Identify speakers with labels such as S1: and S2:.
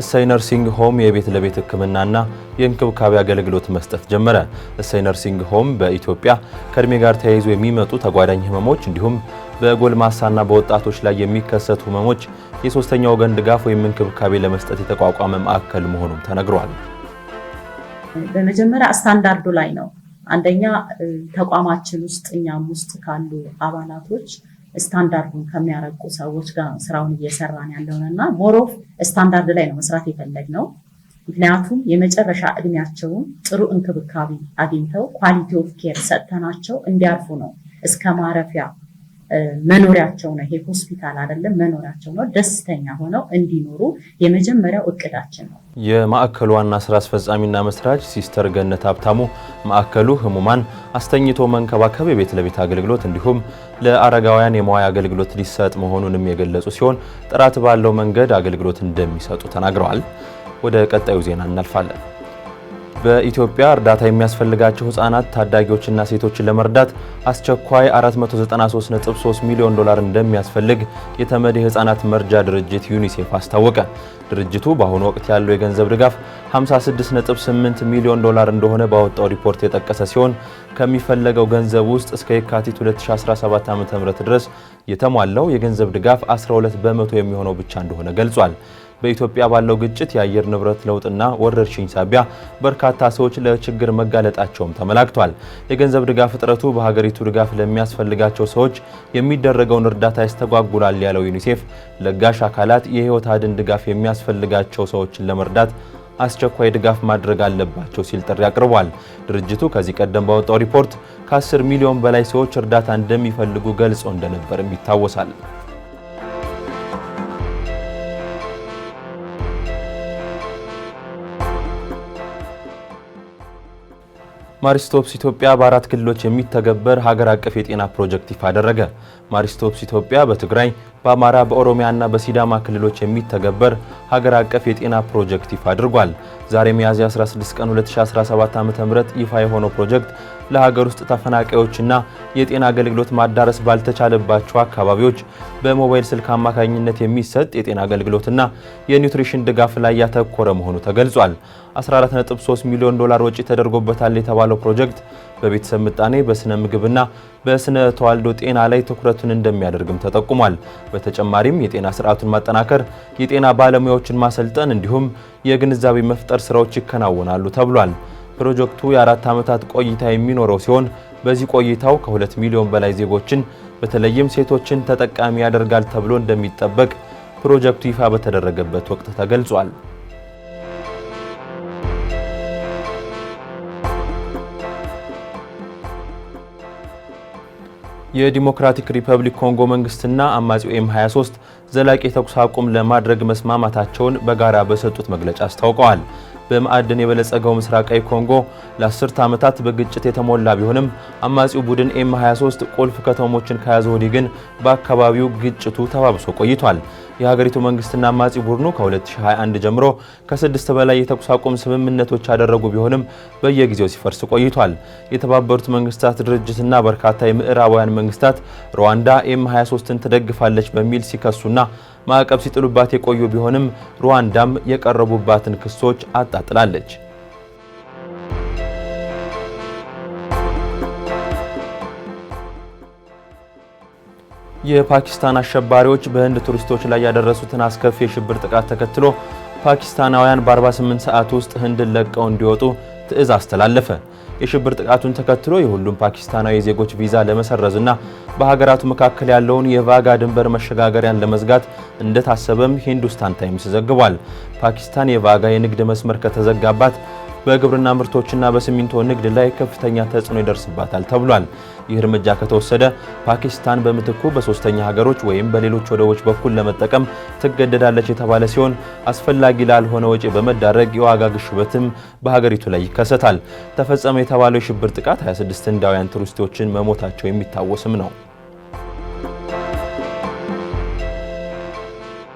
S1: እሰይ ነርሲንግ ሆም የቤት ለቤት ህክምናና የእንክብካቤ አገልግሎት መስጠት ጀመረ። እሰይ ነርሲንግ ሆም በኢትዮጵያ ከእድሜ ጋር ተያይዞ የሚመጡ ተጓዳኝ ህመሞች እንዲሁም በጎልማሳና በወጣቶች ላይ የሚከሰቱ ህመሞች የሶስተኛ ወገን ድጋፍ ወይም እንክብካቤ ለመስጠት የተቋቋመ ማዕከል መሆኑም ተነግሯል።
S2: በመጀመሪያ ስታንዳርዱ ላይ ነው። አንደኛ ተቋማችን ውስጥ እኛም ውስጥ ካሉ አባላቶች ስታንዳርዱን ከሚያረቁ ሰዎች ጋር ስራውን እየሰራን ያለውን እና ሞሮፍ ስታንዳርድ ላይ ነው መስራት የፈለግነው። ምክንያቱም የመጨረሻ እድሜያቸውን ጥሩ እንክብካቤ አግኝተው ኳሊቲ ኦፍ ኬር ሰጥተናቸው እንዲያርፉ ነው እስከ ማረፊያ መኖሪያቸው ነው። ይሄ ሆስፒታል አይደለም፣ መኖሪያቸው ነው። ደስተኛ ሆነው እንዲኖሩ የመጀመሪያው እቅዳችን ነው።
S1: የማዕከሉ ዋና ስራ አስፈጻሚና መስራች ሲስተር ገነት ሀብታሙ ማዕከሉ ህሙማን አስተኝቶ መንከባከብ የቤት ለቤት አገልግሎት እንዲሁም ለአረጋውያን የመዋያ አገልግሎት ሊሰጥ መሆኑንም የገለጹ ሲሆን ጥራት ባለው መንገድ አገልግሎት እንደሚሰጡ ተናግረዋል። ወደ ቀጣዩ ዜና እናልፋለን። በኢትዮጵያ እርዳታ የሚያስፈልጋቸው ህጻናት፣ ታዳጊዎችና ሴቶችን ለመርዳት አስቸኳይ 493.3 ሚሊዮን ዶላር እንደሚያስፈልግ የተመድ የህጻናት መርጃ ድርጅት ዩኒሴፍ አስታወቀ። ድርጅቱ በአሁኑ ወቅት ያለው የገንዘብ ድጋፍ 56.8 ሚሊዮን ዶላር እንደሆነ ባወጣው ሪፖርት የጠቀሰ ሲሆን ከሚፈለገው ገንዘብ ውስጥ እስከ የካቲት 2017 .ም ድረስ የተሟላው የገንዘብ ድጋፍ 12 በመቶ የሚሆነው ብቻ እንደሆነ ገልጿል። በኢትዮጵያ ባለው ግጭት የአየር ንብረት ለውጥና ወረርሽኝ ሳቢያ በርካታ ሰዎች ለችግር መጋለጣቸውም ተመላክቷል። የገንዘብ ድጋፍ እጥረቱ በሀገሪቱ ድጋፍ ለሚያስፈልጋቸው ሰዎች የሚደረገውን እርዳታ ያስተጓጉላል ያለው ዩኒሴፍ ለጋሽ አካላት የህይወት አድን ድጋፍ የሚያስፈልጋቸው ሰዎችን ለመርዳት አስቸኳይ ድጋፍ ማድረግ አለባቸው ሲል ጥሪ አቅርቧል። ድርጅቱ ከዚህ ቀደም ባወጣው ሪፖርት ከ10 ሚሊዮን በላይ ሰዎች እርዳታ እንደሚፈልጉ ገልጾ እንደነበርም ይታወሳል። ማሪስቶፕስ ኢትዮጵያ በአራት ክልሎች የሚተገበር ሀገር አቀፍ የጤና ፕሮጀክት ይፋ አደረገ። ማሪስቶፕስ ኢትዮጵያ በትግራይ በአማራ በኦሮሚያና በሲዳማ ክልሎች የሚተገበር ሀገር አቀፍ የጤና ፕሮጀክት ይፋ አድርጓል። ዛሬ ሚያዝያ 16 ቀን 2017 ዓ.ም ይፋ የሆነው ፕሮጀክት ለሀገር ውስጥ ተፈናቃዮችና የጤና አገልግሎት ማዳረስ ባልተቻለባቸው አካባቢዎች በሞባይል ስልክ አማካኝነት የሚሰጥ የጤና አገልግሎትና የኒውትሪሽን ድጋፍ ላይ ያተኮረ መሆኑ ተገልጿል። 14.3 ሚሊዮን ዶላር ወጪ ተደርጎበታል የተባለው ፕሮጀክት በቤተሰብ ምጣኔ፣ በስነ ምግብና በስነ ተዋልዶ ጤና ላይ ትኩረቱን እንደሚያደርግም ተጠቁሟል። በተጨማሪም የጤና ስርዓቱን ማጠናከር፣ የጤና ባለሙያዎችን ማሰልጠን እንዲሁም የግንዛቤ መፍጠር ስራዎች ይከናወናሉ ተብሏል። ፕሮጀክቱ የአራት ዓመታት ቆይታ የሚኖረው ሲሆን በዚህ ቆይታው ከሁለት ሚሊዮን በላይ ዜጎችን በተለይም ሴቶችን ተጠቃሚ ያደርጋል ተብሎ እንደሚጠበቅ ፕሮጀክቱ ይፋ በተደረገበት ወቅት ተገልጿል። የዲሞክራቲክ ሪፐብሊክ ኮንጎ መንግስትና አማጺው ኤም 23 ዘላቂ የተኩስ አቁም ለማድረግ መስማማታቸውን በጋራ በሰጡት መግለጫ አስታውቀዋል። በማዕድን የበለጸገው ምስራቃዊ ኮንጎ ለአስርተ ዓመታት በግጭት የተሞላ ቢሆንም አማጺው ቡድን ኤም 23 ቁልፍ ከተሞችን ከያዘ ወዲህ ግን በአካባቢው ግጭቱ ተባብሶ ቆይቷል። የሀገሪቱ መንግስትና አማጺ ቡድኑ ከ2021 ጀምሮ ከስድስት በላይ የተኩስ አቁም ስምምነቶች ያደረጉ ቢሆንም በየጊዜው ሲፈርስ ቆይቷል። የተባበሩት መንግስታት ድርጅትና በርካታ የምዕራባውያን መንግስታት ሩዋንዳ ኤም 23ን ትደግፋለች በሚል ሲከሱና ማዕቀብ ሲጥሉባት የቆዩ ቢሆንም ሩዋንዳም የቀረቡባትን ክሶች አጣጥላለች። የፓኪስታን አሸባሪዎች በህንድ ቱሪስቶች ላይ ያደረሱትን አስከፊ የሽብር ጥቃት ተከትሎ ፓኪስታናውያን በ48 ሰዓት ውስጥ ህንድን ለቀው እንዲወጡ ትዕዝ አስተላለፈ። የሽብር ጥቃቱን ተከትሎ የሁሉም ፓኪስታናዊ ዜጎች ቪዛ ለመሰረዝና በሀገራቱ መካከል ያለውን የቫጋ ድንበር መሸጋገሪያን ለመዝጋት እንደታሰበም ሂንዱስታን ታይምስ ዘግቧል። ፓኪስታን የቫጋ የንግድ መስመር ከተዘጋባት በግብርና ምርቶችና በሲሚንቶ ንግድ ላይ ከፍተኛ ተጽዕኖ ይደርስባታል ተብሏል። ይህ እርምጃ ከተወሰደ ፓኪስታን በምትኩ በሶስተኛ ሀገሮች ወይም በሌሎች ወደቦች በኩል ለመጠቀም ትገደዳለች የተባለ ሲሆን አስፈላጊ ላልሆነ ወጪ በመዳረግ የዋጋ ግሽበትም በሀገሪቱ ላይ ይከሰታል። ተፈጸመ የተባለው የሽብር ጥቃት 26 ህንዳውያን ቱሪስቶችን መሞታቸው የሚታወስም ነው።